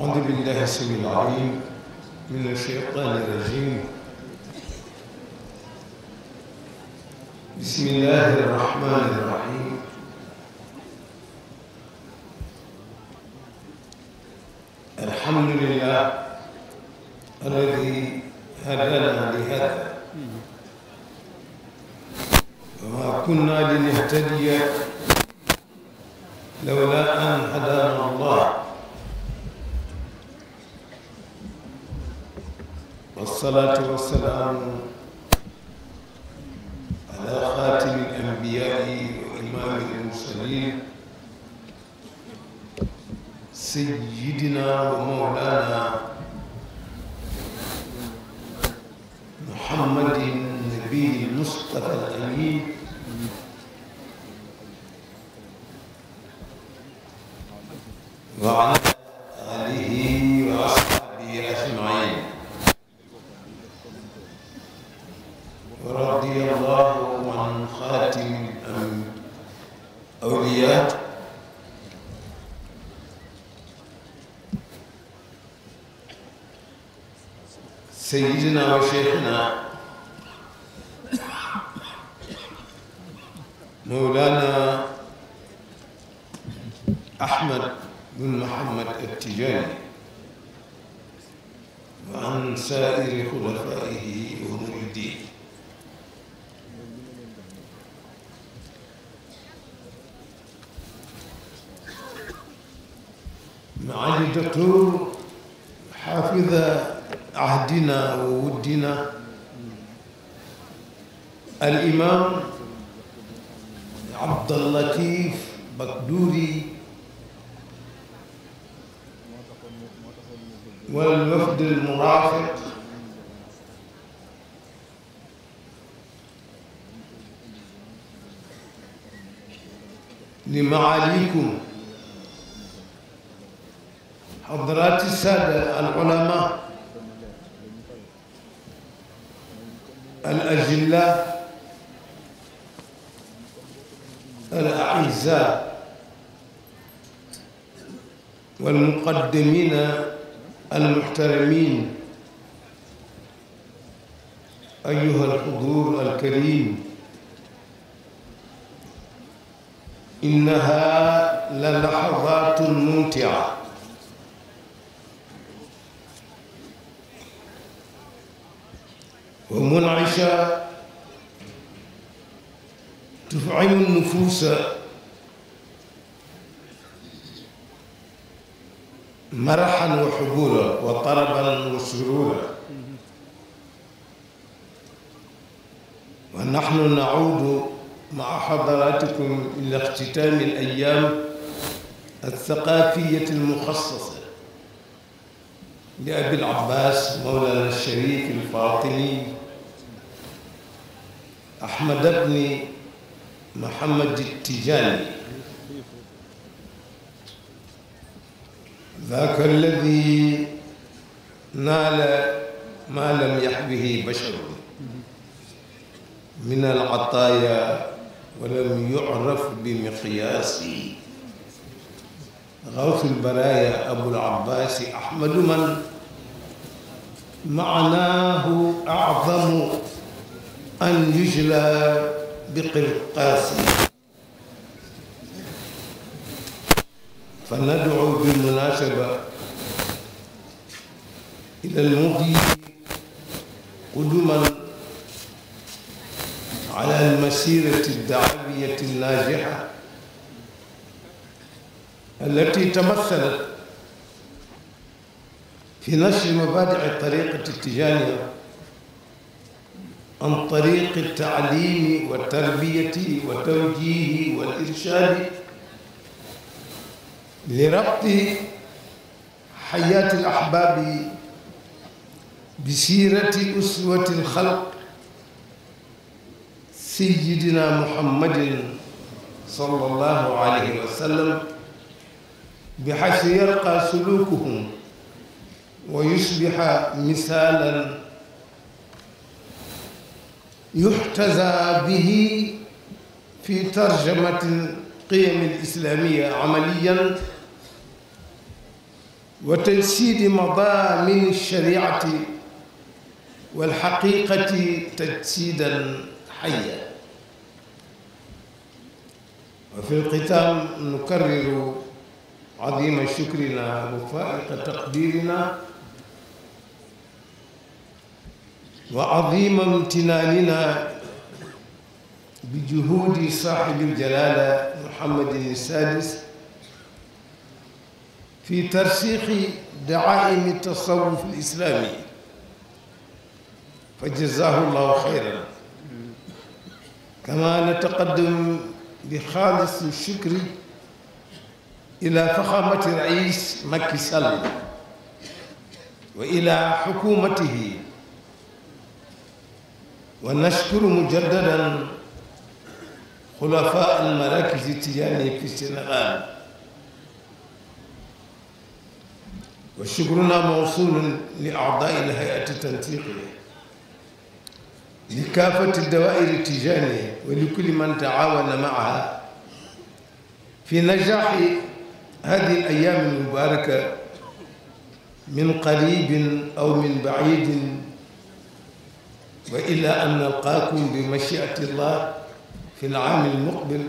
أعوذ بالله السميع العليم من الشيطان الرجيم بسم الله الرحمن الرحيم الحمد لله الذي هدانا لهذا وما كنا لنهتدي لولا أن هدانا الله والصلاة والسلام على خاتم الأنبياء وإمام المرسلين سيدنا ومولانا محمد النبي المصطفى الأمين وعلى خاتم الأولياء سيدنا وشيخنا مولانا أحمد بن محمد التجاني وعن سائر خلفائه الدكتور حافظ عهدنا وودنا الإمام عبد اللطيف بكدوري والوفد المرافق لمعاليكم الأعزاء والمقدمين المحترمين أيها الحضور الكريم إنها للحظات ممتعة ومنعشة تفعم النفوس maraxan wa xubura wa taraban wa surura wa naxnu naudu maa xadaratikum ila ixtitaami al ayaam althaqafiyat almuxassasa li abi al abbas mawlana alsharif alfatimi ahmad bni mohammad tijaani ذاك الذي نال ما لم يح به بشر من العطايا ولم يعرف بمقياسه غوث البرايا أبو العباس أحمد من معناه أعظم أن يجلى بقرقاسه فندعو بالمناسبة إلى المضي قدما على المسيرة الدعوية الناجحة التي تمثلت في نشر مبادئ الطريقة التجانية عن طريق التعليم والتربية والتوجيه والإرشاد li rabti xayaati alaxbaabi bi siirati uswati alxalq sayidina muhammadin sallallahu alayhi wa sallam bi xaysu yarqa sulukuhum wa yusbixa misaalan yuxtaza bihi fi tarjamatin القيم الإسلامية عمليا وتجسيد مضامن الشريعة والحقيقة تجسيدا حيا وفي الختام نكرر عظيم شكرنا وفائق تقديرنا وعظيم امتناننا بجهود صاحب الجلاله محمد السادس في ترسيخ دعائم التصوف الإسلامي فجزاه الله خيرا كما نتقدم بخالص الشكر إلى فخامة رئيس مكي سلم وإلى حكومته ونشكر مجددا xulafaa al marakis tijaani fi Sénégal wa shukruna mawsulun li a'daa il hay'ati tantiqiya li kaafati dawaa'ir tijaaniya wa li kulli man ta'aawana ma'ahaa fi najaahi haadihi al ayyaam al mubaaraka min qariibin aw min ba'iidin wa ilaa an nalqaakum bi mashii'ati llaah fi l aam al muqbil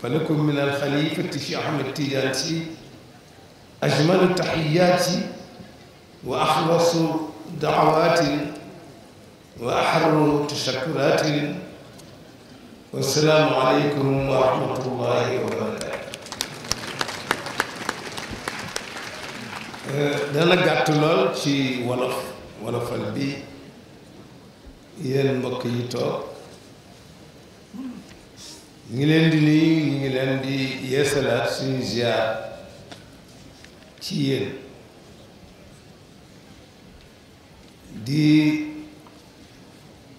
fa lakum min al xalifati Cheikh Ahmed Tidiane Sy ajmalu taxiyaati wa axlasu daawaatin wa axarru tashakuraatin wassalaamu aleykum wa rahmatullahi wa barakaatu dana gàtt lool ci wolof wolofal bi yéen mbokk yi toog ñu leen di nuyu ñu ngi leen di yeesalaat suñu ziar ci yéen di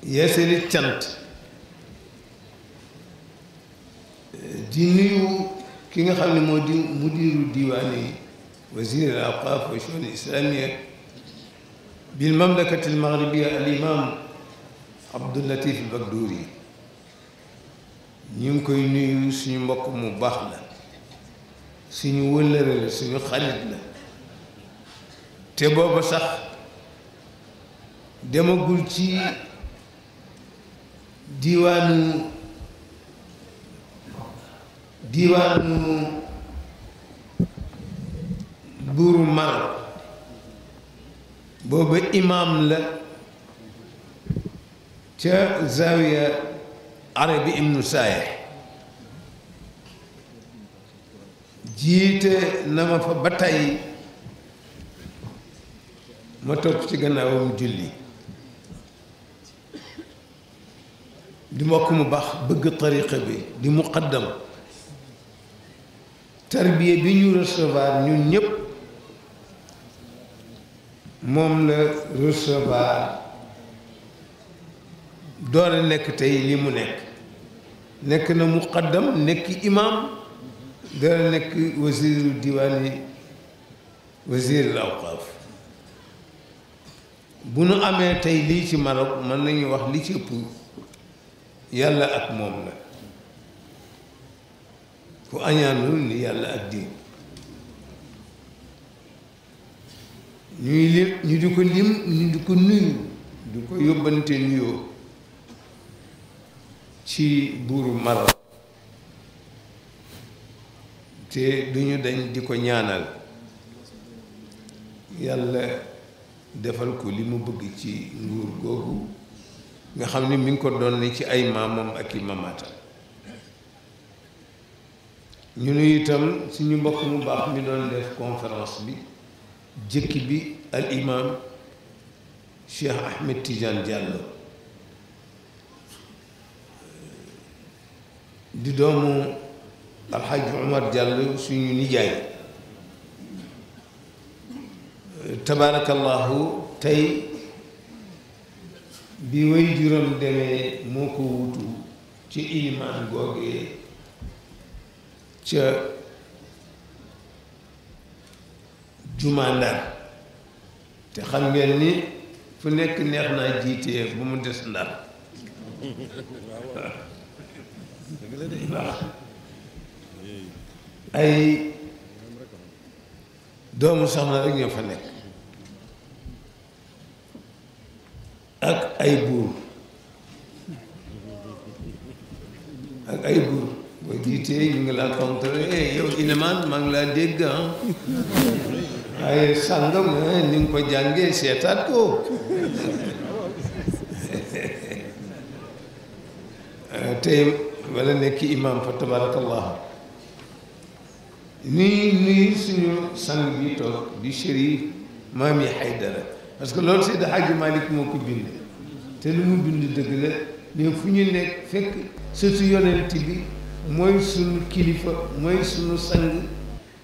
yeesali cant di nuyu ki nga xam ne moo di mudiru diwaani wazir al awqaf wa shu'un islamiyya bil mamlakati al maghribiya al imam Abdoul Latif al Bagdouri ñu ngi koy nuyu suñu mbokk mu baax la suñu wëllëre la suñu xarit la te booba sax demagul ci diiwaanu diiwaanu buuru Maroc booba imaam la ca zawiya arabi ibnu saaye jiite na ma fa ba tey ma topp ci gannaawam julli di mbokk mu baax bëgg tariqa bi di muqaddam tarbiye bi ñu recevoir ñun ñëpp moom la recevoir door a nekk tey lii mu nekk nekk na muqaddam nekk imaam door a nekk wasiru diwaani wasir al awqaaf bu nu amee tey lii ci Maroc mën nañu wax li ci ëpp yàlla ak moom la ku añaanul ni yàlla ak diin ñuy li ñu di ko lim ñu di ko nuyu di ko yóbbante nuyoo ci buuru Maroc te duñu dañ di ko ñaanal yàlla defal ko li mu bëgg ci nguur googu nga xam ni mi ngi ko doon ci ay maamam ak i mamaatam ñu nu itam suñu mbokk mu baax mi doon def conférence bi jëkk bi al imam Cheikh Ahmed Tidiane Diallo di doomu alxaaji Umar Diallo suñu nijaay tabaarakallaahu tey bi way juróom demee moo ko wutu ci ilimaan googee ca jumaa Ndar te xam ngeen ni fu nekk neex naa jiitee bu mu des Ndar ay doomu soxna rek ñoo fa nekk ak ay buur ak ay buur boo jiitee ñu ngi laa contrôlé eh, maa ngi laa dégg ah waaye sàngam eh, ni nga ko jàngee seetaat ko eh, tey wala nekk imam fa tabarakallahu nii nii suñu sang bi toog di chérif maam yi Haydara parce que loolu Seydi Hadji Malick moo ko bind te lu mu bind dëgg la ne fu ñu nekk fekk surtout yonent bi mooy suñu kilifa mooy suñu sang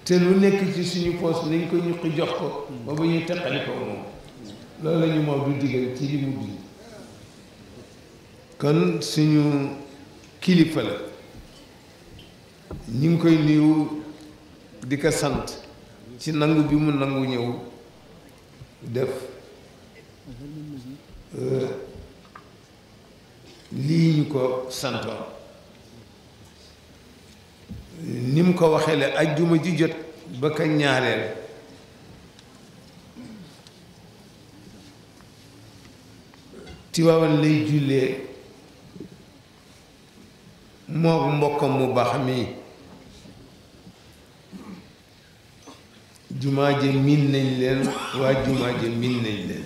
te lu nekk ci suñu poos nañ ko ñuqi jox ko ba ba ñu teqali moom loolu la ñu du digal ci li mu bind kon suñu kilifa la ñu ngi koy nuyu di ko sant ci nangu bi mu nangu ñëw def euh, lii ñu ko santoon ni mu ko waxee la ajjuma ji jot ba ka ñaareel Tiwaawan lay jullee moo mbokkam mu baax mi jumaa ja miin nañ leen waa jumaa ja miin nañ leen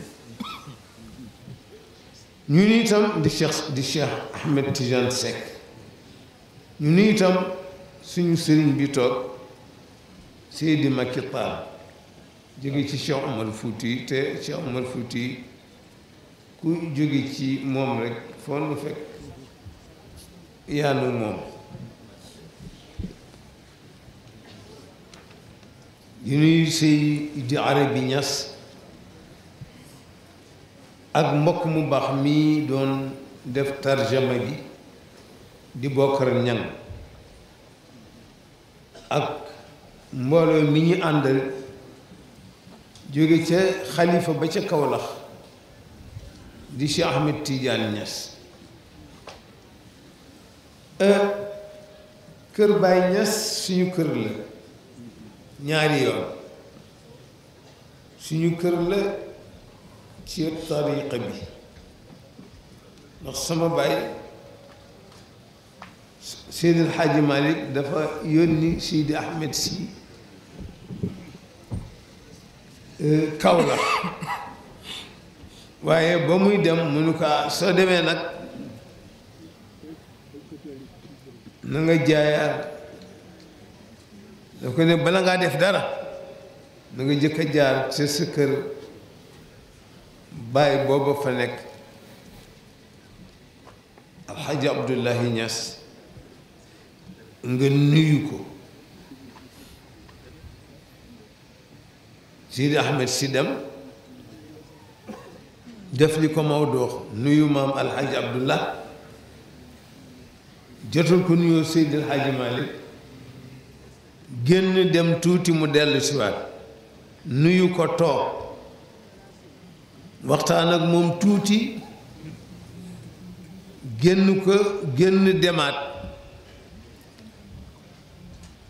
ñu ni itam di Cheikh di Cheikh Ahmed Tidiane Seck ñu ni itam suñu sëriñ bi toog Seydi Macky Tall jóge ci Cheikh Omar Fouti te Cheikh Omar Fouti ku jóge ci moom rek foo nu fekk yaanu moom di nuyu sëy di arabi ñas ak mbokk mu baax mi doon def tarjama gi di bokkar ñan ak mbooloo mi ñu àndal jóge ca xalifa ba ca Kawlax di Cheikh Ahmed Tidiane Niass E, kër Baay Ñas suñu kër la ñaari yoon suñu kër la ci tariqa bi ndax sama baay Seydi El Hadji dafa yónni Seydi Ahmed Sy e, Kaolack waaye ba muy dem mu ah, soo demee nag na nga jaay ko ne bala ngaa def dara na jëkk a jaar ca sa kër bàyyi booba fa nekk alxaaji abdullahi ñas nga nuyu ko sidi ahmed si dem def li ko maw doox nuyu maam alxaaji abdullah jotul ko nuyoo Seydil Hadji Malick génn dem tuuti mu dellu siwaat nuyu ko toog waxtaan ak moom tuuti génn ko génn demaat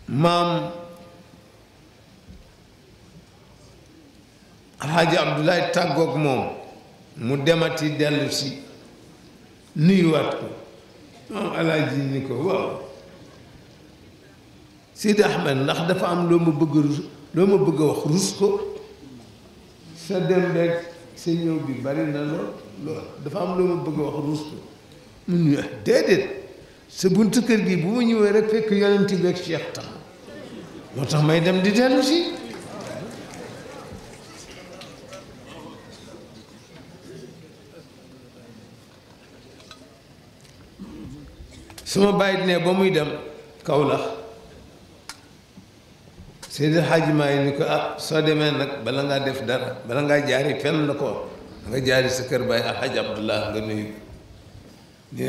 maam alxaaji Abdoulaye tàggoog moom mu demati dellu si nuyuwaat ko moom ah, alaaji ni ko waaw Sidi ndax dafa am loo ma bëgg rus loo ma bëgg a wax rus ko sa dem beeg sa ñëw bi bari na lool lool dafa am loo ma bëgg wax rus ko mun ñu ah, déedéet sa buntu kër gi bu ma ñëwee rek fekk yonent beeg Cheikh tax moo tax may dem di dellu si su ma bàyyi nee ba muy dem Kawlax Seydi Hadji Maalik ni ko ah soo demee nag bala ngaa def dara bala ngaa jaari fenn ko nga jaari sa kër bàyyi Alxaaji Abdullah nga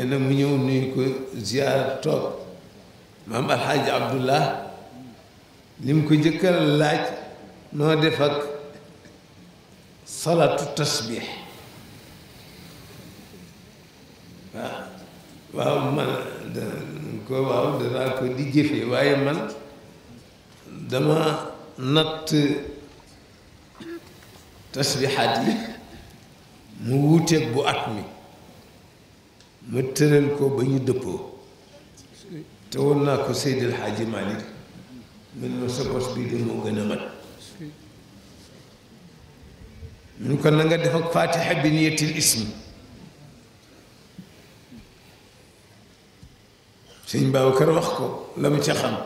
nuyu mu ñëw nuyu ko ziar toog maam Alxaaji Abdullah li mu ko laaj noo def ak salaatu tasbiix waaw waaw man ko ko di jëfee waaye man dama natt tasbixaat yi mu wuuteeg bu at mi ma tëral ko ba ñu dëppoo te woon naa ko Seydil Hadji Malick mën ma sa bos bi gën a mat mun ko na nga def ak fatiha bi niyatil ismi sëñ Babacar wax ko la mu ca xam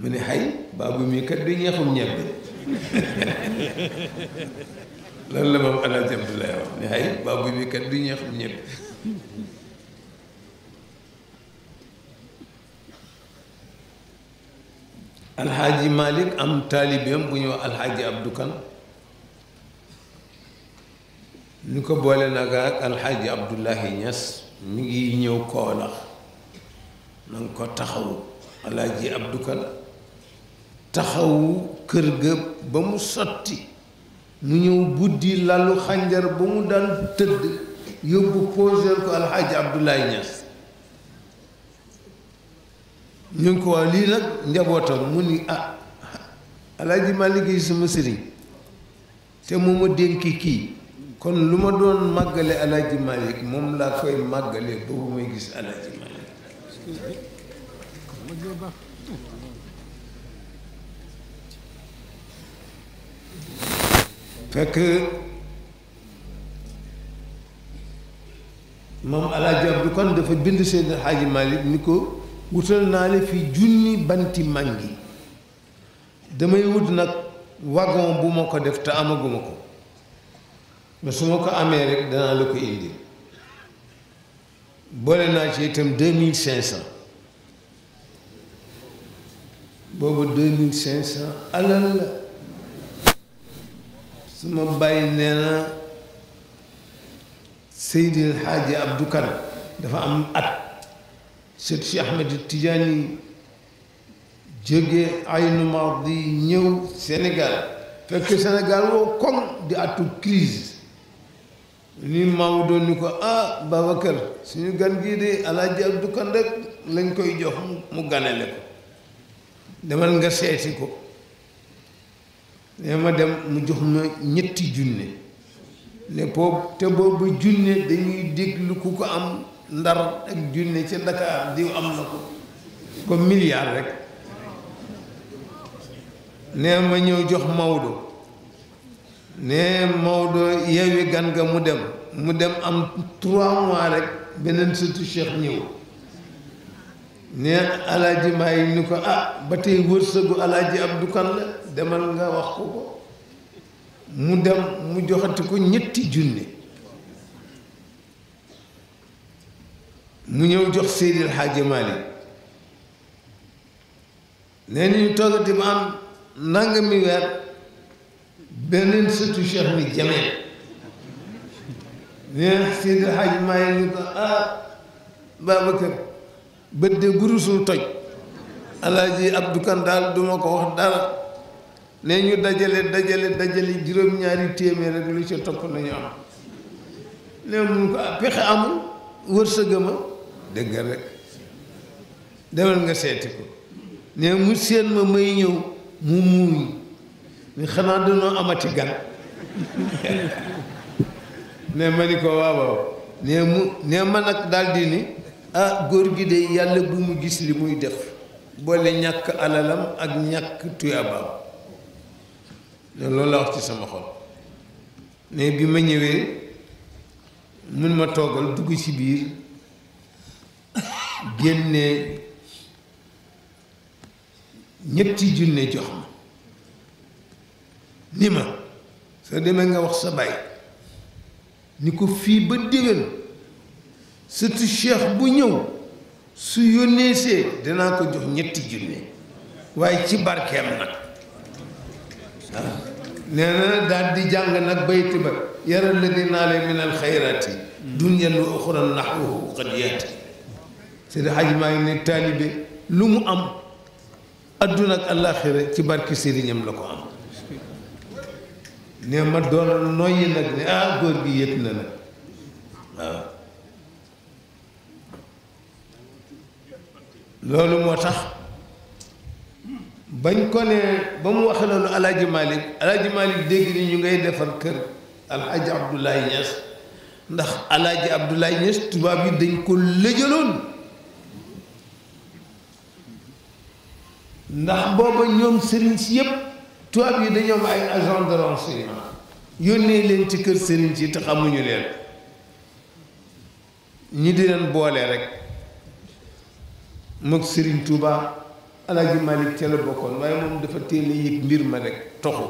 mu ne xay baabu mii kat di ñeexum ñebbe loolu la moom Alaaji Abdoulaye wax ne xay baabu mii kat di ñeexum ñebbe alxaaji Malick am taalibeem bu ñuy wax alxaaji Abdou Kan ñu ko boole nag ak alxaaji Abdoulahi Niass mi ngi ñëw Koolax na nga ko taxawu alaaji Abdu Ka la taxawu kër ga ba mu sotti mu ñëw buddi lalu xànjar ba mu daan tëdd yóbbu poseel ko alxaaji Abdoulaye Niass ñu ko waa lii nag njabootam mu ni ah alaaji Malick Gueye sama sëriñ te mu ma dénk kii kon lu ma doon màggale alaaji Malick moom laa koy màggale boobu may gis alaaji Malick fekk moom alaaji Abdu Kan dafa bind seen xaaji Malik ni ko wutal naa la fi junni banti màngi damay wut nag wagon bu ma ko def te amaguma ko mais su ma ko amee rek danaa la ko indi boole naa ci itam deux mille cinq cent boobu deux mille cinq cent alal la suma bàyyi nee na Seydil Xaaji Abdou Kan dafa am at sët si Ahmed Tidiane jóge aynu mardi ñëw Sénégal fekk Sénégal woo kon di atu crise ni Maodo ni ko ah Babacar suñu gan gii de Alaaji Abdu rek lañ koy jox mu ganale ko demal nga seeti ko ne ma dem mu jox ma ñetti junne ne boobu te boobu junne dañuy déglu ku ko am ndar ak junne ca Dakar diw am na ko comme milliard rek ne ma ñëw jox Maodo ne Maodo yeewi gan nga mu dem mu dem am trois mois rek beneen sëtu Cheikh ñëw ne alaaji maay ni ko ah ba tey wërsëgu alaaji Abdu Kan la demal nga wax ko ko mu dem mu joxati ko ñetti junne mu ñëw jox Seydil Hadji Malick nee ñu toogati ba am nangami weer beneen sëtu cheikh bi jamee neen Seydi Haj Maalik ni ko ah Babacar bët de gurusul toj alaaji Abdou Kan daal duma ko wax dara ne ñu dajale dajale dajale juróom-ñaari téeméer rek lu ci topp nañu am ne mun ko ah, pexe amul wërsëgama dëgg rek demal nga seeti ko ne mu seen ma may ñëw mu muuñ ni xanaa dañoo amati gan ne ma ni ko waaw waaw mu ne ma nag daldi ni ah góor gi de yàlla bu mu gis li muy def boole ñàkk alalam ak ñàkk tuyabaam ne loolu la wax ci sama xol ne bi ma ñëwee mun ma toogal dugg ci biir génne ñetti junne jox ma ni ma soo demee nga wax sa baay ni ko fii ba déwén surtout cheikh bu ñëw su yónnee see danaa ko jox ñetti junne waaye ci barkeem nag ah. nee na daal di jàng nag bayti ba yara ladina ale min al xayraati dunyan wa uxra naxwahu qad yaati Seydi Hajji maa ngi ne taalibe lu mu am adduna ak àllaaxira ci barke sëriñam la ko am ne ma doon noyyi nag ne ah góor gi yëpp na nag waaw loolu moo tax bañ ko ne ba mu wax loolu alaaji Malick alaaji Malick dégg ni ñu ngay defar kër alaaji Abdoulaye Niass ndax alaaji Abdoulaye Niass tubaab yi dañ ko lëjaloon ndax booba ñoom sëriñ si yëpp tubaab yi dañoo ma ay agent de renseignement yónnee leen ci kër sëriñ ci te xamuñu leen ñi di leen boole rek moog sëriñ Touba Alaaji Malik ca la bokkoon waaye moom dafa teel yëg mbir ma rek toxu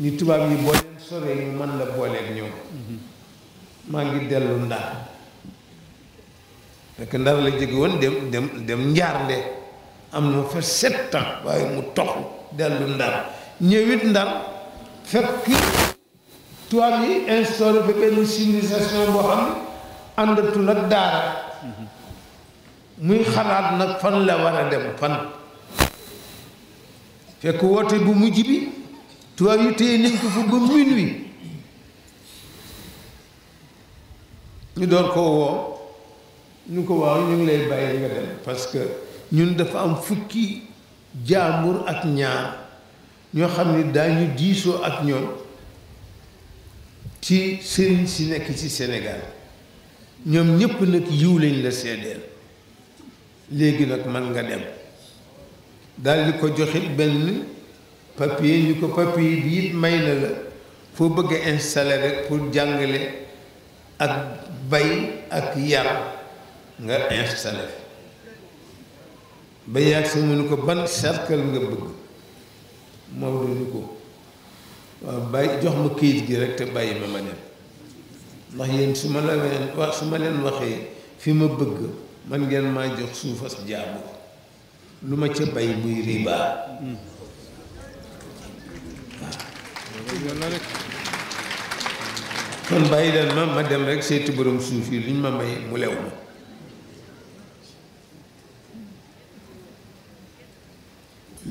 ñu tubaab yi boo leen soree ñu mën la booleeg ñoom maa ngi dellu ndar fekk ndar la jóge woon dem dem dem njaarnde am na fa sept ans waaye mu toxu dellu ndar ñëwit ndar fekk tubaab yi instauré fa benn civilisation boo xam ne àndatul ak daara muy xalaat nag fan la war a dem fan fekk woote bu mujj bi tubaab yi téye nañ ko fa ba minuit ñu door koo woo ñu ko waaw ñu ngi lay bàyyi nga dem parce que ñun dafa am fukki jaambur ak ñaar ñoo xam ni daañu diisoo ak ñoom ci sëriñ si nekk ci Sénégal ñoom ñépp nag yiw lañ la seedeel léegi nag man nga dem daldi ko joxit benn papier ñu ko papier bi it may na la foo bëggee a rek pour jàngale ak bay ak yar nga installé ba yàgg sa mënu ko ban cercle nga bëgg Maodo ni ko waaw bàyyi jox ma këyit gi rek te bàyyi ma ma dem ndax yéen su ma la leen wax su ma leen waxee fi ma bëgg man ngeen maa jox suufas jaabu lu ma ca bay muy ribaa kon bàyyi leen ma ma dem rek seetu borom suuf yi luñ ma may mu lew ma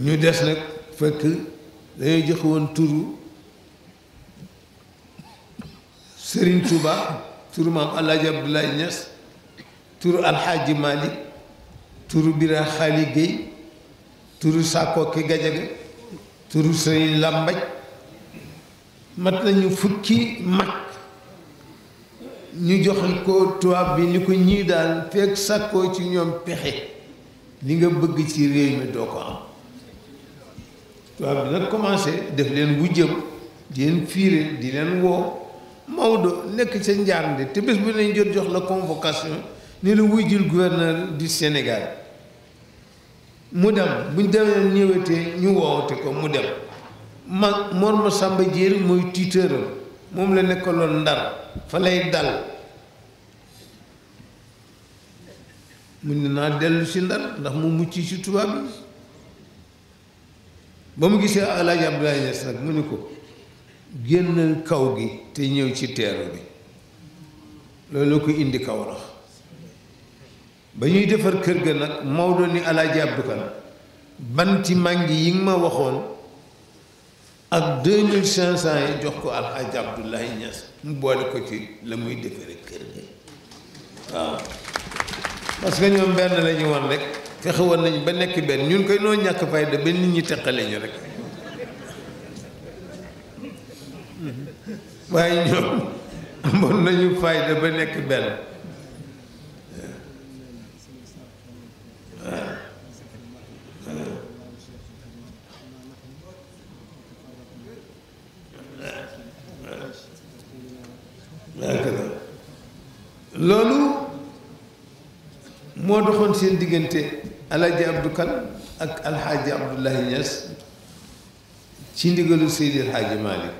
ñu des nag fekk dañoo joxe woon turu Serigne Touba turu maam Alaaji Abdoulaye Niass turu Alxaaji Malik turu Bira Xaali Guèye turu Sakoki Gajaga turu Serigne Lambaj mat nañu fukki mag ñu jox ko tubaab bi ni ko ñii daal fekk sàkkoo ci ñoom pexe li nga bëgg ci réew mi doo ko am tubaab bi nag commencé def leen wujjam di leen fiire di leen woo Maodo nekk ca njaarnde te bés bu nañ jot jox la convocation ni la wuy jël gouverneur Sénégal mu dem buñ demee ñëwatee ñu woowate ko mu dem ma Mor Masamba Diéry mooy tuiteuram moom la nekkaloon Ndar fa lay dal mu ne naa dellu si Ndar ndax mu mucc ci tubaab bi ba mu gisee alaaji Abdoulaye Niass nag mu ni ko génnal kaw gi te ñëw ci teeru bi loolu ko indi Kawlax ba ñuy defar kër ga nag doon ni alaaji Abdou Kan banti màngi yi nga ma waxoon ak deux mille cinq yi jox ko alaaji Abdoulaye Niass mu boole ko ci la muy defaree kër gi waaw parce que ñoom benn la ñu woon fexe woon nañ ba nekk benn ñun koy noo ñàkk fayda ba nit ñi teqale ñu rek waaye ñoom amoon nañu fayda ba nekk benn loolu moo doxoon seen diggante alaaji Abdou ak alxaaji Abdoulahi Niass ci ndigalu Seydi Alxaaji Malick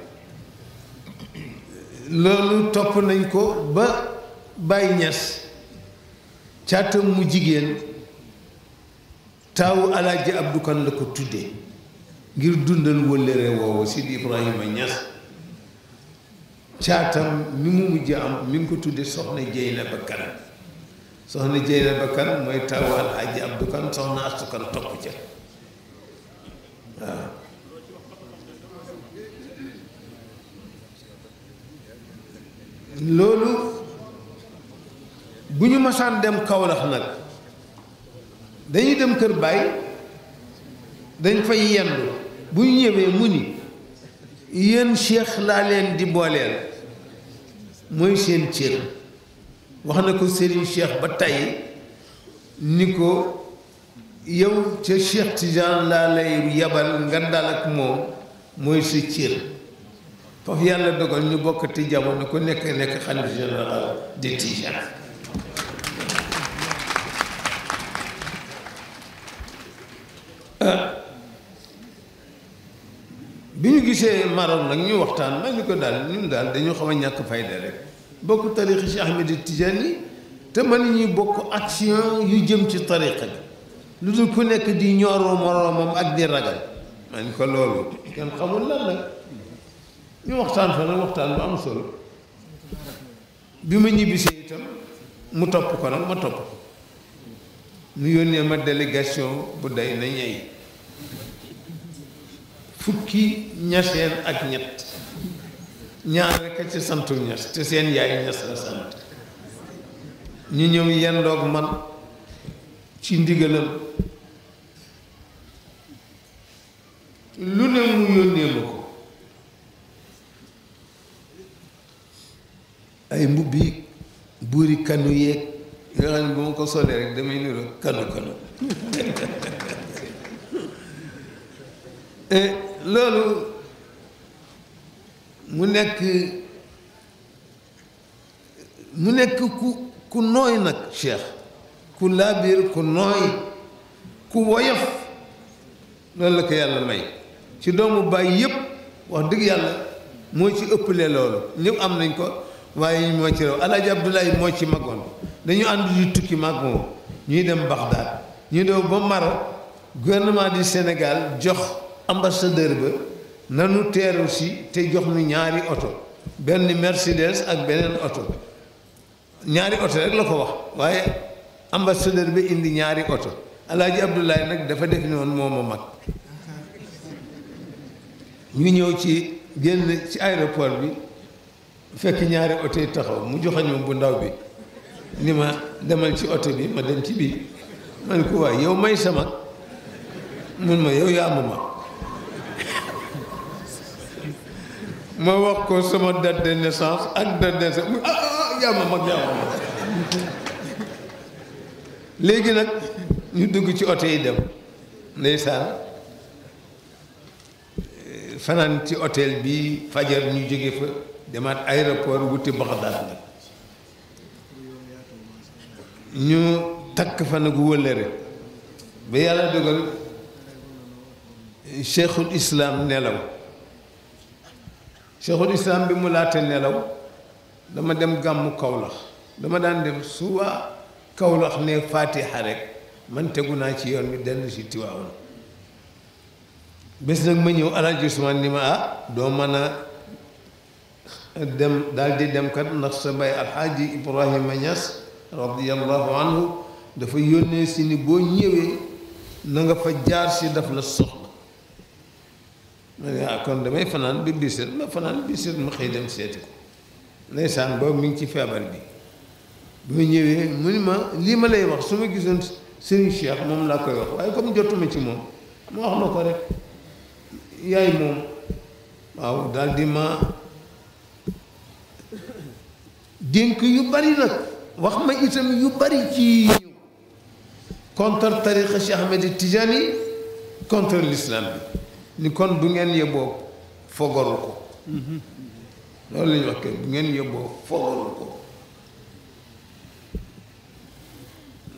loolu topp nañ ko ba Baye Niass caatam mu jigéen taawu alaaji Abdou Kan la ko tuddee ngir dundal wëllëre woowu Seydi Ibrahima Niass caatam mi mu mujj am mi ngi ko tuddee soxna Jeyna ba kanam soxna Jéyna Ba Kan mooy taawu Alaaji Abdu Kan soxna Astu Kan topp ca waaw loolu bu ñu masaan dem Kawlax nag dañuy dem kër Baay dañ fay yendu bu ñu ñëwee mu ni yéen cheikh laa leen di booleel mooy seen cër wax na ko Serigne Cheikh ba tey ni ko yow ca Cheikh Tidiane laa lay yabal nga dal ak moom mooy sa cër foofu yàlla dogal ñu bokkati jamono ku nekk nekk xalif général de Tidiane ah. bi ñu gisee Maroc nag ñu waxtaan ma ñu ko daal ñun daal dañu xaw a ñàkk fayda rek bokk tariqa Cheikh Ahmed Tidiane yi te mën ñuy bokk action yu jëm ci tariqa bi lu dul ku nekk di ñooroo moroomam ak di ragal ma ko loolu kenn xamul lan nag ñu waxtaan fa nag waxtaan bu am solo bi ma ñibbisee itam mu topp ko nag ma topp mu yónnee ma délégation bu day na ñey fukki ñaseen ak ñett ñaar rek a ci santul ñes te seen yaay ñes la sant ñu ñëw yendoog man ci ndigalam lu ne mu yónnee ma ko ay mbubbi buuri kanu yeeg yoo xam ne bu ma ko solee rek damay niroo kanu kanu eh, loolu mu nekk mu nekk ku ku nooy nag cheikh ku laabiir ku nooy ku woyof loolu la ko yàlla may ci doomu bàyyi yëpp wax dëgg yàlla moo ci ëppale loolu ñëpp am nañ ko waaye moo ci raw alaaji abdoulaye moo ci magoon dañu ànd di tukki mag moom ñuy dem Bagdad ñu dow ba Maroc gouvernement du Sénégal jox ambassadeur ba nanu teeru si te jox nu ñaari oto benn Mercedes ak beneen oto ñaari oto rek la ko wax waaye ambassadeur bi indi ñaari oto alhaji Abdoulaye nag dafa def ni woon moo ma mag ñu ñëw ci génn ci aéroport bi fekk ñaari oto yi taxaw mu joxañ bu ndaw bi ni ma demal ci oto bi ma dem ci bii ma ne ko waaye yow may sama mun ma yow yaa ma ma wax ko sama date ak date de naissance ah, ah ah yaa ma mag yaa léegi nag ñu dugg ci oto yi dem ndeysaan eh, fanaan ci hôtel bi fajar ñu jóge fa demaat aéroport wuti Bagdad nag ñu takk fa nag wëllëre ba yàlla dogal eh, cheikhul islam nelaw cheikhul islam bi mu laate nelaw dama dem gàmmu kawlax dama daan dem suba kawlax ne fatiha rek man tegu naa ci yoon bi dellu si tiwaawoon bés nag ma ñëw alaaji Usmaan ni ma ah doo mën a dem dal di dem kat ndax sa bay alxaaji ibrahima ñas radiallahu anhu dafa yónnee si ni boo ñëwee na fa jaar si daf la soxla Ah, kon damay fanaan bi bisir ma fanaan bisir ma xëy dem seeti ko ndeysaan boobu mi ngi ci feebar bi bi ma ñëwee mu ni ma lii ma lay wax su ma gisoon Serigne Cheikh moom laa koy wax waaye comme jotuma ci moom ma wax na ko rek yaay moom waaw daal di ma dénk yu bari nag wax ma itam yu bari ci ñëw contre tariqa Cheikh Ahmed Tidiane contre l'islam bi ni kon bu ngeen yóbboo fogoru ko loolu la ñuy bu ngeen yóbboo fogoru ko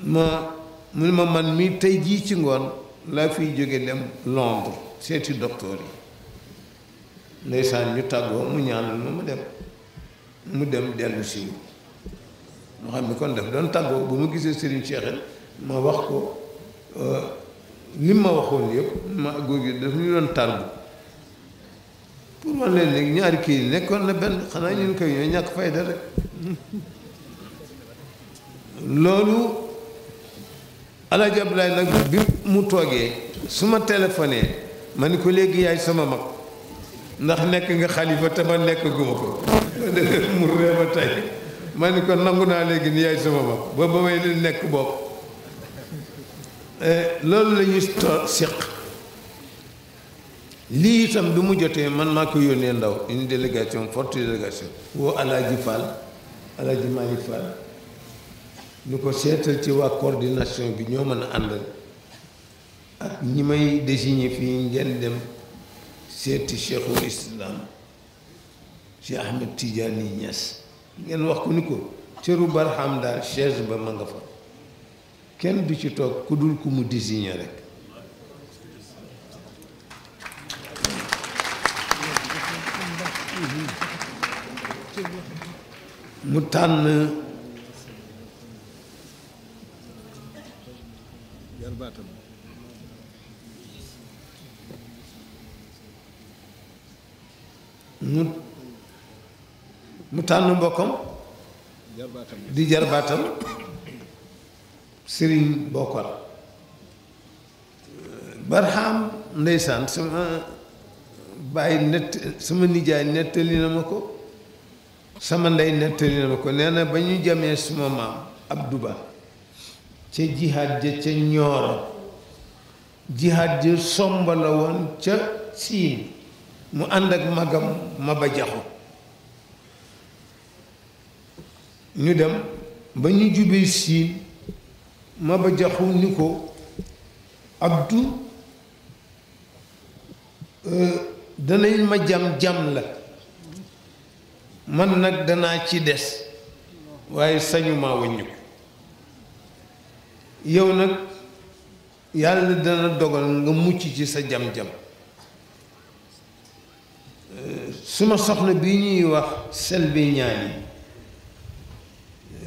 ma mu ne ma man mii tey jii ci ngoon la fi jóge dem Londres seeti docteur yi ndeysaan ñu tàggoo mu ñaanal ma mu dem mu dem dellu si moo xam ni kon def doon tàggoo bu mu gisee Serigne Cheikh ma wax ko euh, li ma waxoon yëpp ma góor gi daf ñu doon tàrgu pour wax leen léegi ñaari kii nekkoon na benn xanaa ñun koy ñooy ñàkk fayda rek loolu Alaaji Abdoulaye nag bi mu toogee su ma téléphoné ma ni ko léegi yaay sama mag ndax nekk nga xalifa te ma nekk guma ko mu réew a ma ni ko nangu naa léegi ni yaay sama mag ba ba may nekk bopp Euh, loolu la ñu seq lii itam bi mu jotee man maa ko yónnee ndaw une délégation forte délégation woo Alaaji Fall Alaaji Malick Fall ñu ko seetal ci waa coordination bi ñoo mën a àndal ak ñi may désigné fii ngeen dem seeti cheikhul islam Cheikh Ahmed Tidiane Niass ngeen wax ko ni ko cëru barxam daal chaise ba ma nga fa kenn du ci toog ku dul ku mu désigné rek tànn mu mu tànn mbokkam di jarbaatam sëriñ bokkal barxaam ndeysaan sama bàyyi nett sama nijaay nettali na ma ko sama ndey nettali na ma ko nee na ba ñu jamee suma maam ab duba ca jihaad ja ca ñooro jihaad ja somba ca siin mu ànd ak magam Maba Jaxu ñu dem ba ñu jubee siin Maba Jaxu ni ko Abdu euh, danañ ma jam jam la man nag danaa ci des waaye sañu maa wàññi ko yow nag yàlla dana dogal nga mucc ci sa jam jam euh, suma soxna bi ñuy wax Selbé Niani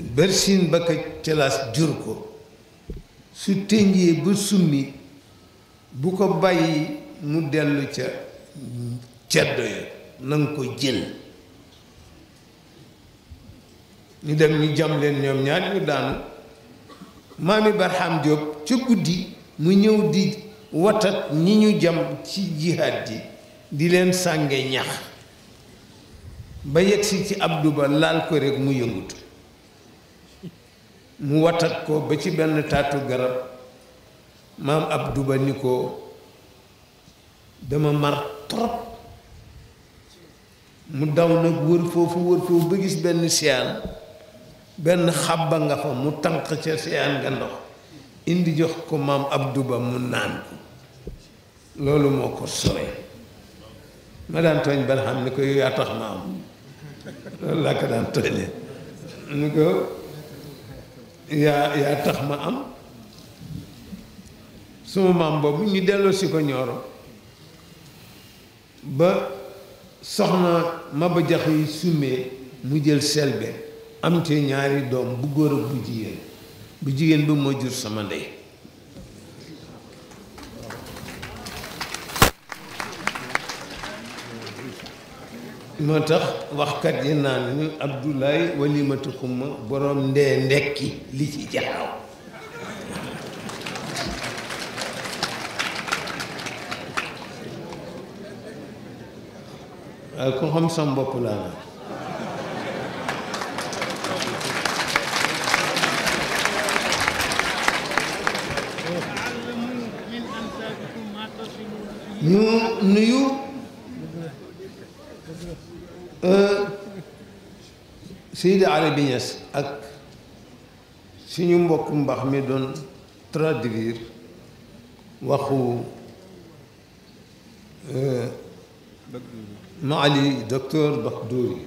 Bersin Bakaj ca laas jur ko su téngee ba summi bu ko bàyyi mu dellu ca ceddo ya na ko jël ñu dem ñu jam leen ñoom ñaar ñu daanu maami Barham Diop ca guddi mu ñëw di watat ñi ñu jam ci jihaad ji di leen sànge ñax ba yegsi ci Abdou duba laal ko rek mu yëngutu mu watak ko ba ci benn taatu garab maam ab Ba ni ko dama mar trop mu daw nag wër foofu wër foofu ba gis benn siyaan benn xàbba nga fa mu tànq ca siyaan nga ndox indi jox ko maam Abdou duba mu naan ko loolu moo ko soree ma daan tooñ bala xam ni ko yaa tax ma am loolu laa ko daan tooñee ni ko yaa yaa tax ma am suma maam boobu ñu delloo si ko ñooro ba soxna Maba Jaxu yi summee mu jël selbe am ci ñaari doom bu góor ak bu jigéen bu jigéen bi moo jur sama ndey moo tax waxkat yi naan ñu Abdoulaye walimatu xumma borom ndee ndekki li ci jaxaw ku xam sam bopp laa na ñu nuyu Euh, Seydi Ali bi Niass ak suñu mbokk mbax mi doon traduire waxu euh, maali docteur Bakdouri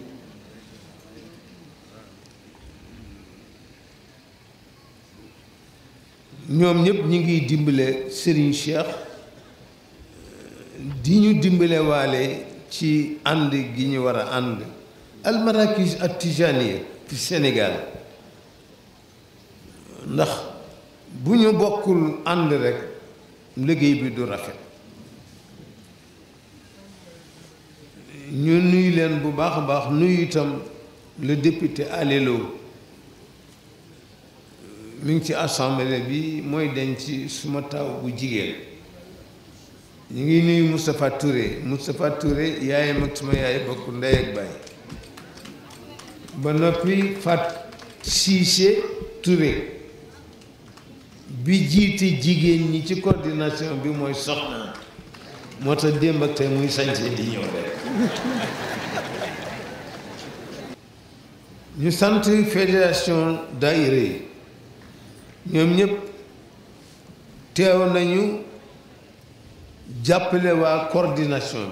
ñoom ñëpp ñu ngi dimbale Serigne Cheikh di ñu dimbale waale ci ànd gi ñu war a ànd almarakis at tijaniya fi Sénégal ndax bu ñu bokkul ànd rek liggéey bi du rafet ñu nuyu leen bu baax a baax nuyu itam le député Alé mu ngi ci assemblée bi mooy deñ ci suma taw bu jigéen ñu ngi nuyu Moustapha Touré Moustapha Touré yaayam ak suma yaay bokk ndey ak baay ba noppi Fat Cissé Touré bi jiite jigéen ñi ci coordination bi mooy soxna moo tax démb ak tey muy sañse di ñëw rek ñu sant fédération daayira yi ñoom ñëpp teew nañu jàppale waa coordination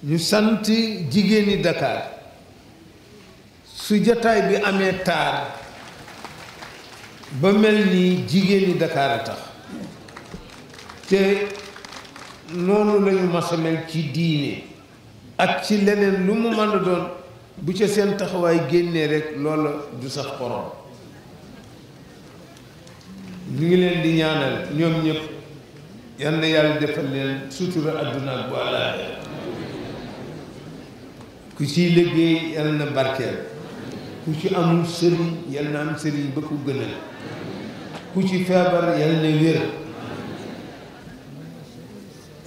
bi ñu sant jigéeni Dakar su jataay bi amee taar ba mel ni jigéeni Dakar a tax te noonu lañu mas ci diine ak ci leneen lu mu mën a doon bu ca seen taxawaay génnee rek loola du sax xorom ñu ngi leen di ñaanal ñoom ñëpp yal na yàlla defal leen sutura àdduna ak bu àllaaxira ku ciy liggéey yal na barkeel ku ci amul sëriñ yal na am sëriñ ba ko gënal ku ci feebar yal na wér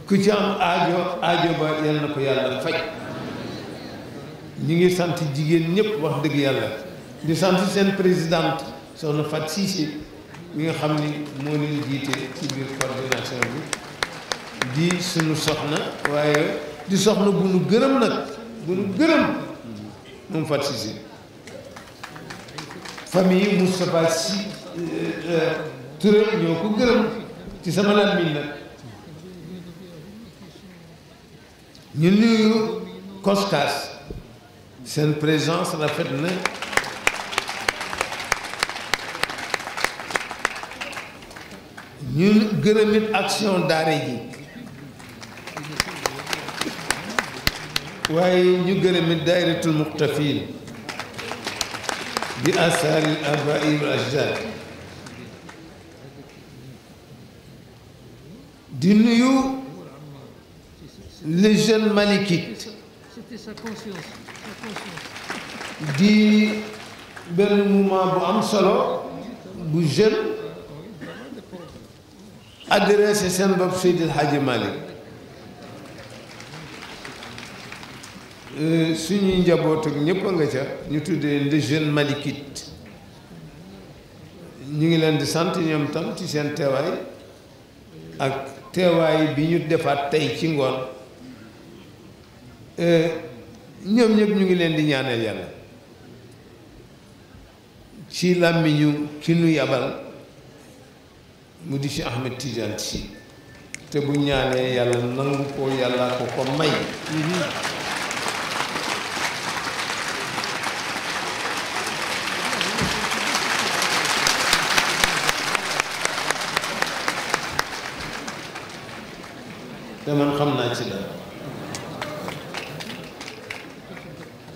ku ci am aajo aajo ba yal na ko yàlla faj ñu ngi sant jigéen ñëpp wax dëgg yàlla di sant seen présidente soxna Fatou Cissé mi nga xam ni moo leen jiite ci biir coordination bi di suñu soxna waaye di soxna bu nu gërëm nag bu nu gërëm moom Fatou Cissé famille Moustapha Sy euh, euh, Touré ñoo ko gërëm ci sama laaj mi nag ñu nuyu Koskas seen présidence rafet na ñu gën a nit waaye ñu gën a nit daayiratul bi asaaril abai wal ajdad di nuyu les jeunes malikites di benn moment bu am solo bu jeune adressé seen bopp Seydil Hadji Malick euh, suñuy njaboot ak ñëpp nga ca ñu tuddee les jeunes malikite ñu ngi leen di sant ñoom tam ci seen teewaay ak teewaay bi ñu defaat tey ci ngoon euh, ñoom ñëpp ñu ngi leen di ñaanal yàlla ci làmmiñu ki nu yabal mu di ci Ahmed Tidiane si te bu ñaanee yàlla nangu ko yàlla ko ko may te man xam naa ci dara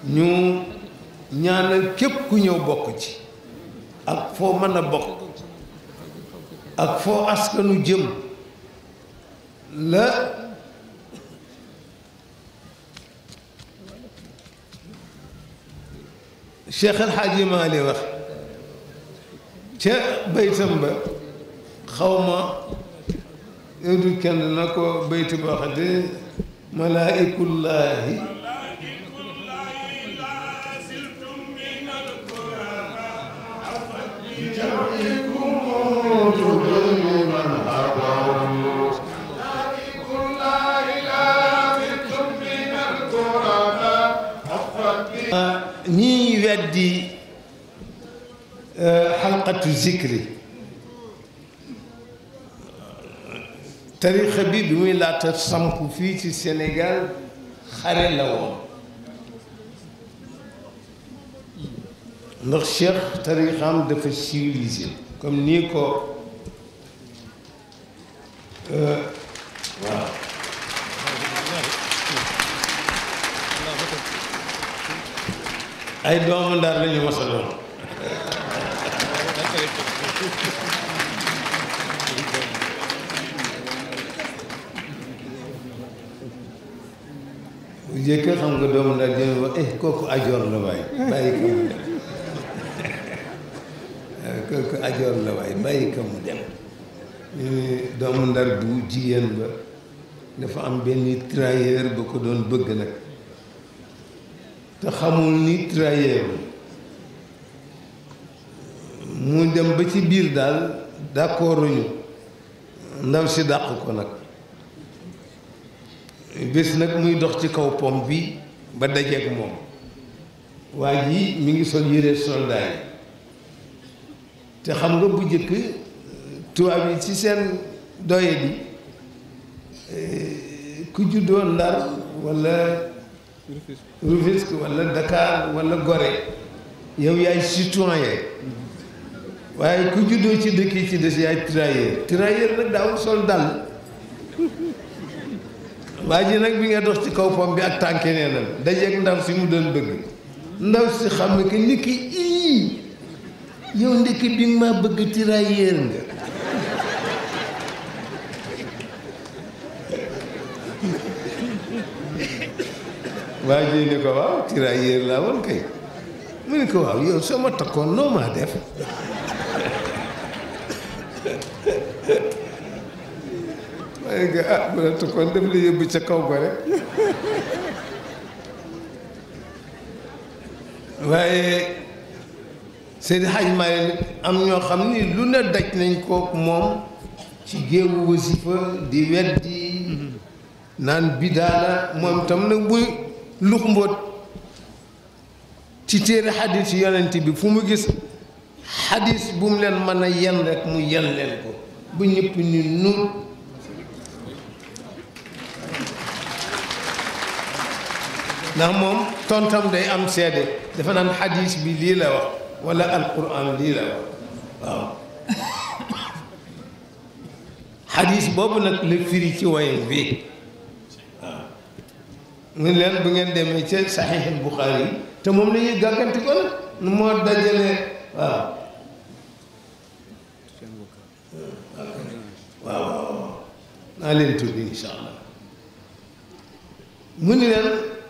ñu ñaanal képp ku ñëw bokk ci ak foo mën a bokk ak foo askanu jëm la Cheikh El Hadj Mali wax ca baytam ba xaw ma yow du kenn na ko baytu ba wax de malaa'ikullaahi tariqatu zikri bi bi muy laata samp fii ci Sénégal xare la woon ndax cheikh tariqam dafa civilisé comme nii ko euh, waaw ay doomu ndar la ñu jékki xam nga doomu ndax jëme ba eh kooku ajoor la waay bàyyi ko mu dem eh, eh, doomu ndar bu jigéen ba dafa am benn trayeur ba ko doon bëgg nag te xamul ni trayeur mu dem ba ci biir daal d'accorduñu ndaw si dàq ko nag bés nag muy dox ci kaw pom bi ba dajeeg moom waa ji mi ngi sol yére soldat yi te xam nga bu jëkk euh, tubaab yi ci seen doye bi euh, ku juddoo Ndar wala Rufisque wala Dakar wala Gorée yow yaay citoyen mm-hmm. waaye ku juddoo ci dëkk yi ci des yaay tirailleur tirailleur nag daawul sol dàll waa ji nag bi nga dox ci kaw pom bi ak tànke neenam dajeeg ndaw si mu doon bëgg ndaw si xam ne que ni ki ii yow ndekki bi nga ma bëgg ci rayeer nga waa ji ni ko waaw tirailleur laa woon kay mu ne ko waaw yow soo ma takkoon noo maa def ay nga ah mu ne kon daf la yóbbu ca kaw ba rek waaye Seydi Hadj Malick am ñoo xam ni lu ne daj nañ kook moom ci géewu wasifa di weddi naan bidaala moom tam nag buy lux mbóot ci téere xadis yonent bi fu mu gis xadis bu mu leen mën a yen rek mu yen leen ko bu ñëpp ni nuut ndax moom tontam day am seede dafa naan xadiis bi lii la wax wala alquran lii la wax waaw xadiis boobu nag la firi ci wayam bi waaw mu leen bu ngeen demee ca saxiix al buxaari yi te moom la ñuy gàgganti ko nag nu moo dajalee waaw waaw naa leen tudd incha allah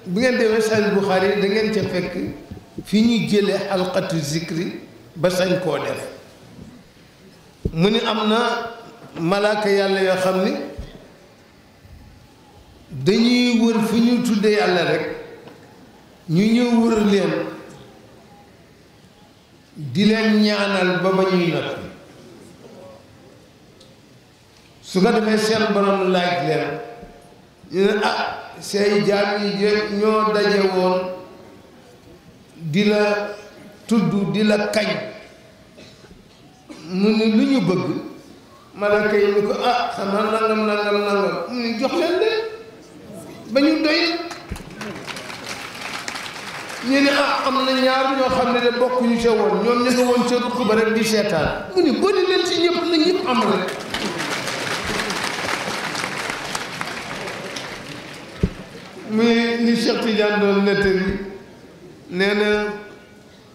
bu ngeen demee Sahih Bukhari da ngeen ca fekk fi ñuy jëlee xalqatu zikri ba sañ koo def mu ni am na malaaka yàlla yoo xam ni dañuy wër fi ñu tudde yàlla rek ñu ñëw wër leen di leen ñaanal ba ba ñuy noppi su ko defee seen borom laaj leen ñu ne ah say jaam yi ñoo daje woon di la tudd di la kañ mu ni lu ñu bëgg malaka yi ni ko ah xanaa nangam nangam nangam mu ni jox leen de ba ñu doy ñu ne ah am na ñaar ñoo xam ne de bokkuñu ca woon ñoom ñu nga woon ca ruq rek di seetaan mu ni bëri leen ci ñëpp na ñëpp am rek muy ni Cheikh Tidiane doon nettali nee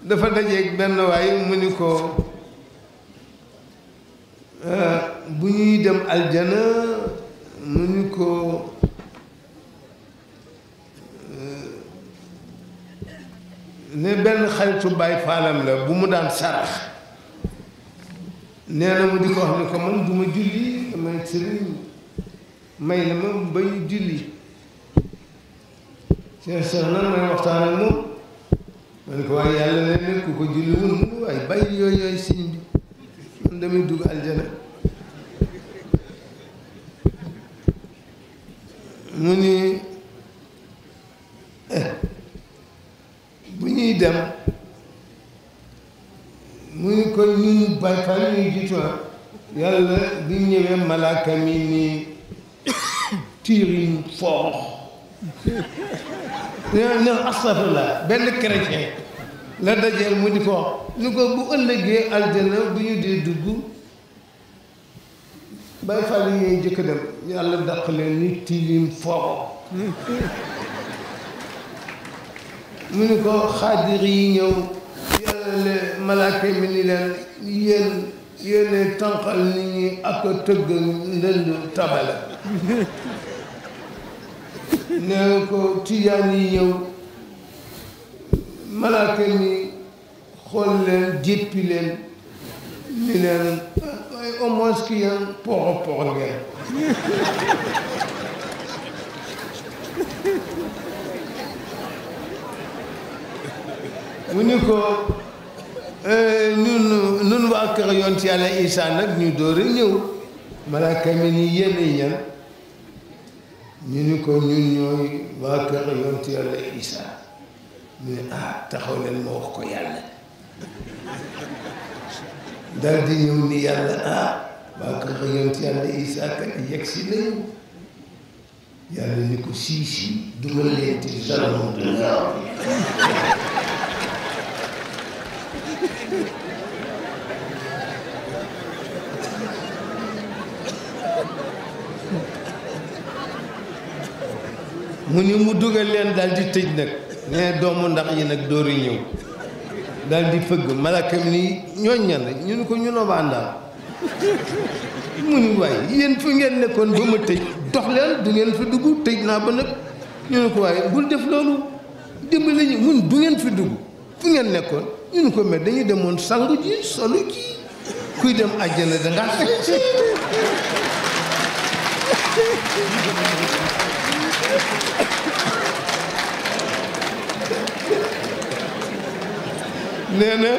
dafa dajeeg benn waay mu ni ko euh, bu ñuy dem aljana mu ni ko euh, ne benn xaritu baay faalam la bu mu daan sarax nee na mu di ko wax ni ko man du ma julli damay sëriñ may na ma bañ julli Cheikh Cheikh nag may waxtaan ak moom ma ko waaye yàlla ne ne ku ko julli wun munu waaye bàyyi yooyu yooyu sëñ bi man astafurlah benn chrétien la dajeel mu di ko wax ko bu ëllëgee aljana bu ñu dee dugg bay fàll yi ñooy jëkk dem yàlla dàq leen ni tilim foofu mu ni ko xaadir yi ñëw yàlla malaaka mi ni leen yéen yéene nit ñi ak tëgg ndënd tabale nee ko tijaan yi ñëw malaaka mi xool leen jéppi leen ni ki yéen poxo poxo ngeen mu ni ko eh, ñun ñun waa kër ci yàlla Isa nag ñu door a ñëw malaaka ni yéene ñan ko ñun ñooy waa kër yoon ci yàlla Isa mu ne ah taxaw leen ma wax ko yàlla daal di ñëw ni yàlla ah waa kër ga yow ci yàlla Isaa kat yegg si nañu yàlla ni ko sii dugal leen ci salon de l'or mu ni mu dugal leen daal di tëj nee doomu ndax yi nag dóori ñëw daal di fëgg malakam ni ñooñ ñan la ñu ne ko ñu noobaa ndaal mu ni waaye yéen fu ngeen nekkoon ba ma tëj dox du ngeen fi dugg tëj naa ba nag ñu ne ko waaye bul def loolu dimbali ñu mun du ngeen fi dugg fu ngeen nekkoon ñu ne ko mais dañu demoon sangu ji solu ji kuy dem àjjana da nga nee na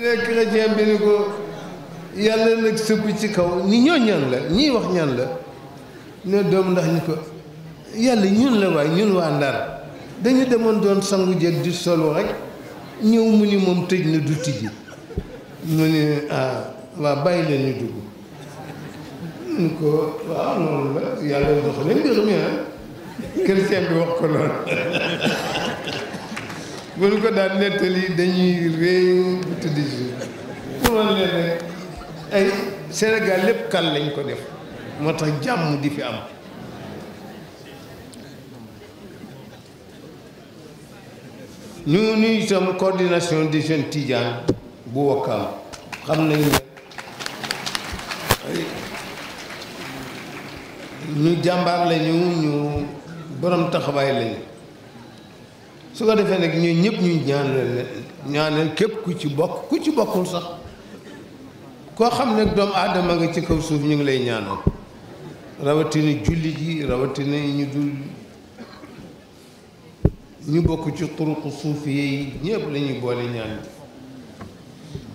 ne chrétien bi ni ko yàlla nag sëpp ci kaw ni ñoo ñan la ñii wax ñan la ne doom ndax ni ko yàlla ñun la waay ñun waa ndar dañu demoon doon sangu jeeg di solo rek ñëw mu ni moom tëj na du tijji mu ni ah waa bàyyi leen ñu dugg ñu ko waaw noonu la yàlla dox leen mbir mi ah chrétien bi wax ko noonu bu ñu ko daan nettali dañuy réew bu tudd si pour wan leen rek ay Sénégal lépp kan lañ ko def moo tax jàmm di fi am ñu nuyu itam coordination des jeunes Tidjane bu Wakaam xam nañ ne ñu jàmbaar lañu ñu borom taxawaay lañu su ko defee nag ñooñu ñëpp ñu ñaanal ñaanal képp ku ci bokk ku ci bokkul sax koo xam ne doomu aadama ngi ci kaw suuf ñu ngi lay ñaanal rawatina jullit yi rawatina ñu dul ñu bokk ci turuqu suuf yi ñëpp lañuy boole ñaan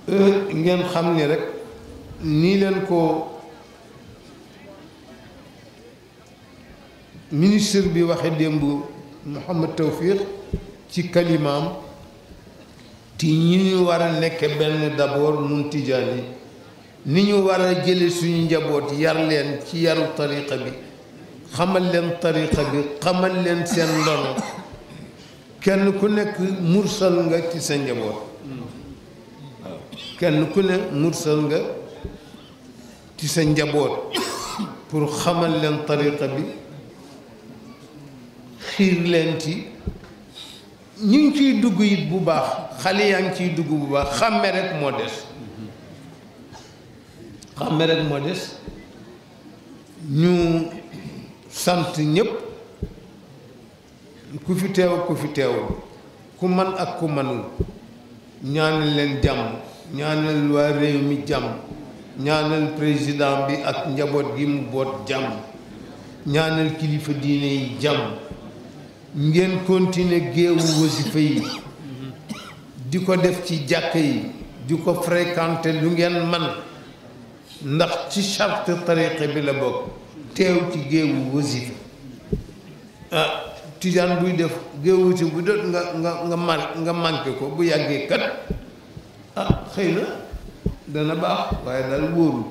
euh, ngeen xam ni rek nii leen ko ministre bi waxe démb Mouhamed Tawfiq ci kalimaam ti ñi ñu war a nekk benn d'abord nun tijaan yi ni ñu war a jële suñu njaboot yar leen ci yaru tariqa bi xamal leen tariqa bi xamal leen seen ndono kenn ku nekk mursal nga ci sa njaboot kenn ku ne mursal nga ci sa njaboot pour xamal leen tariqa bi xiir leen ci ñu ngi ciy dugg it bu baax xale yaa ngi ciy dugg bu baax xàmme rek moo des xàmme rek moo des ñu sant ñépp ku fi teew ku fi teewul ku man ak ku manul ñaanal leen jàmm ñaanal waa réew mi jàmm ñaanal président bi ak njaboot gi mu boot jàmm ñaanal kilifa diine yi jàmm ngeen continuer géewu wasifa yi di ko def ci jàkk yi di ko fréquenter lu ngeen man ndax ci charte tariqa bi la bokk teew ci géewu wasifa ah tijaan buy def géewu bu doot nga nga nga man nga manqué ko bu yàggee kat ah xëy na dana baax waaye daal wóorul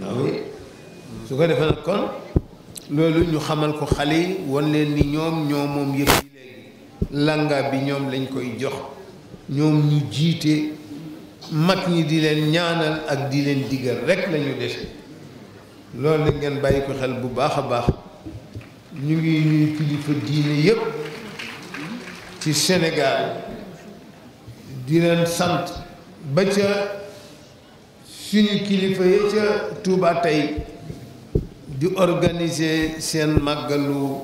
waaw ah su ko defee nag kon loolu ñu xamal ko xale yi wan leen ni ñoom ñoo moom yëf yi léegi lànga bi ñoom lañ koy jox ñoom ñu jiite mag ñi di leen ñaanal ak di leen digal rekk lañu dese lool la ngeen bàyyi ko xel bu baax a baax ñu ngi nuyu kilifa diine yépp ci Sénégal di leen sant ba ca suñu kilifa yi ca Touba tey di organiser seen màggalu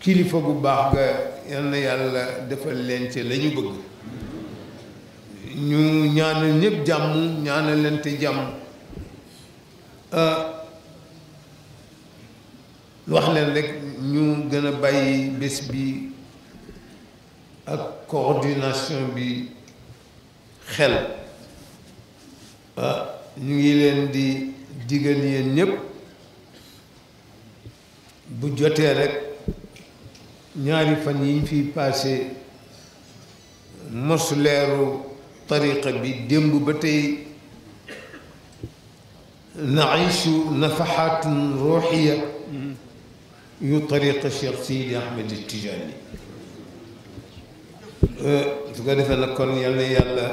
kilifa bu baax ga yal yàlla defal leen ci lañu bëgg ñu ñaanal ñëpp jàmm ñaanal leen te jàmm euh, wax leen rek ñu gën a bàyyi bés bi ak coordination bi xel euh, ñu ngi leen di digal yéen ñëpp bu jotee rek ñaari fan yiñ fi passé mos leeru tariqa bi démb ba tey naisu nafaxatun ruuxiya yu tariqa Cheikh Sidi Ahmed Tijani euh, su ko defee nag kon yal na yàlla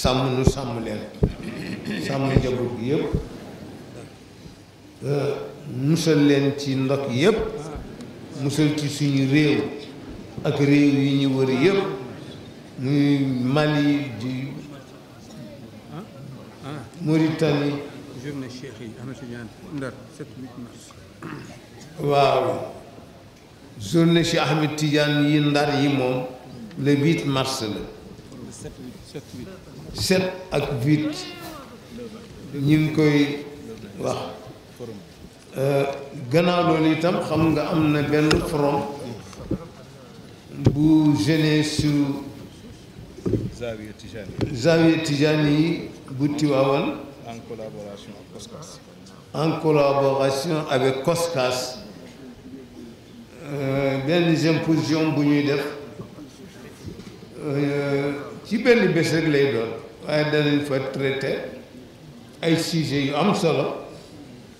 sàmm nu sàmm leen sàmm njaboot gi euh, musal leen ci ndox yëpp musal ci suñu réew ak réew yi ñuy wër yëpp muy Mali di Mauritanie waaw journée Cheikh Ahmed Tidiane yi Ndar yi moom le 8 mars la set ak huit ñu ngi koy wax euh, gannaaw loolu itam xam nga am na benn forom bu jeunesse su Zawiya Tijani yi bu Tiwaawan en collaboration ak COSCAS avec COSCAS euh, benn symposium bu ñuy def euh, ci benn bés rek lay doon waaye danañ fa traité ay sujets yu am solo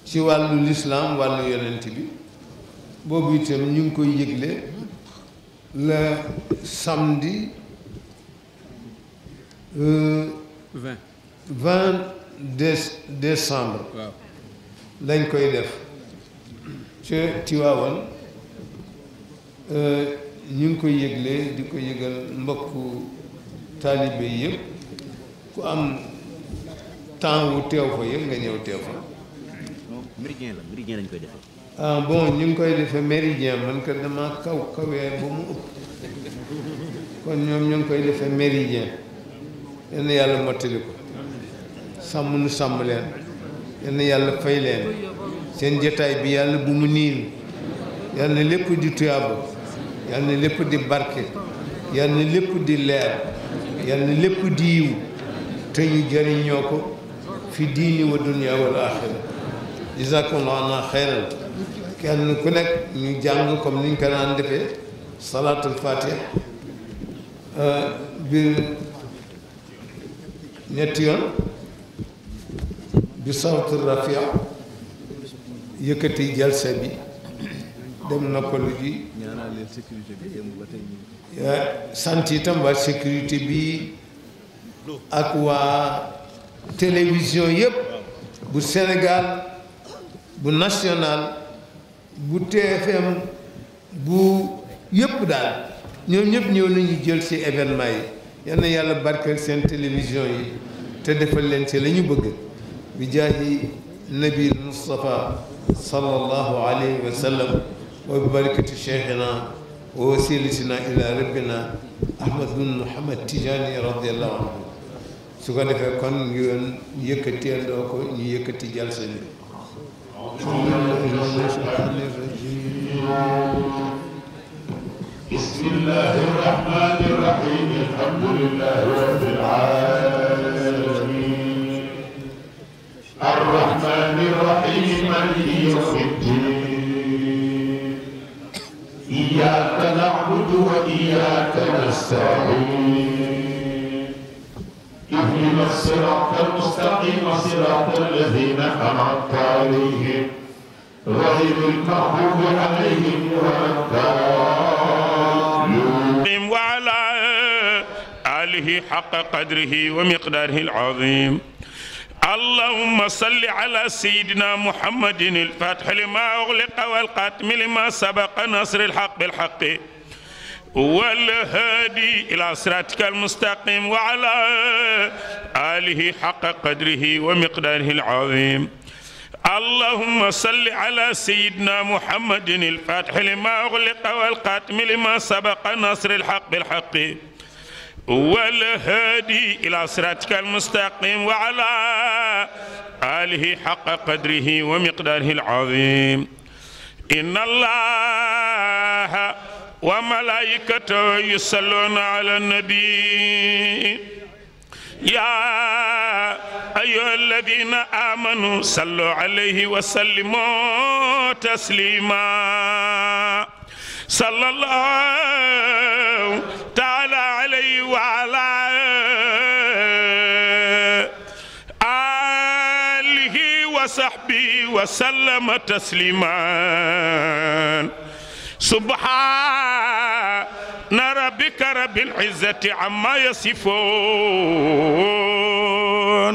ci wàllu lislaam wàllu yonent bi boobu itam ñu ngi koy yëgle le samedi euh, vingt vingt décembre lañ koy def ca Tiwaawan euh, ñu ngi koy yëgle di ko yëgal mbokku taalibe yëpp ku am temps wu teew fa yëpp nga ñëw teew fa. koy defee. ah bon ñu ngi koy defee méridien man ko dama kaw kawee ba mu ëpp kon ñoom ñu ngi koy defee méridien yenn yàlla mottali ko sàmm nu sàmm leen yenn yàlla fay leen seen jataay bi yàlla bu mu niin yàlla lépp di tuyaaba yàlla lépp di barke yàlla lépp di leer yal lépp diiw te ñu jëriñoo ko fi diini wa dunia wal axira jazakumullahu xayran kenn ku nekk ñu jàng comme niñ ko naan defee salaatul fatiha euh, bi ñetti yoon bi sawtu rafia yëkkati jalsa bi dem noppalu bi sant itam waa sécurité bi ak waa télévision yëpp bu Sénégal bu national bu TFM bu yëpp daal ñoom ñëpp ñëw nañu jël ci événement yi yal na yàlla barkeel seen télévision yi te defal leen ci la ñu bëgg bi nabi Moustapha sallallahu alayhi wa sallam wa bi barakati cheikhina wa wasilatina ila rabbina ahmad bin muhammad tijani radiallahu anhu su ko defee kon ngeen yëkkateel doo ko ñu yëkkati jalsa bi بسم الله الرحمن الرحيم الحمد لله رب العالمين الرحمن الرحيم مالك يوم الدين إياك نعبد وإياك نستعين اهدنا الصراط المستقيم صراط الذين أنعمت عليهم غير المغضوب عليهم ولا وعلى آله حق قدره ومقداره العظيم اللهم صل على سيدنا محمد الفاتح لما أغلق والقاتم لما سبق نصر الحق بالحق والهادي إلى صراطك المستقيم وعلى آله حق قدره ومقداره العظيم اللهم صل على سيدنا محمد الفاتح لما أغلق والقاتم لما سبق نصر الحق بالحق والهادي إلى صراطك المستقيم وعلى آله حق قدره ومقداره العظيم إن الله وملائكته يصلون على النبي يا أيها الذين آمنوا صلوا عليه وسلموا تسليما sallallahu taala alayhi wa ala alihi wa sahbihi wa sallama tasliman subhana rabbika rabbil izzati amma yasifun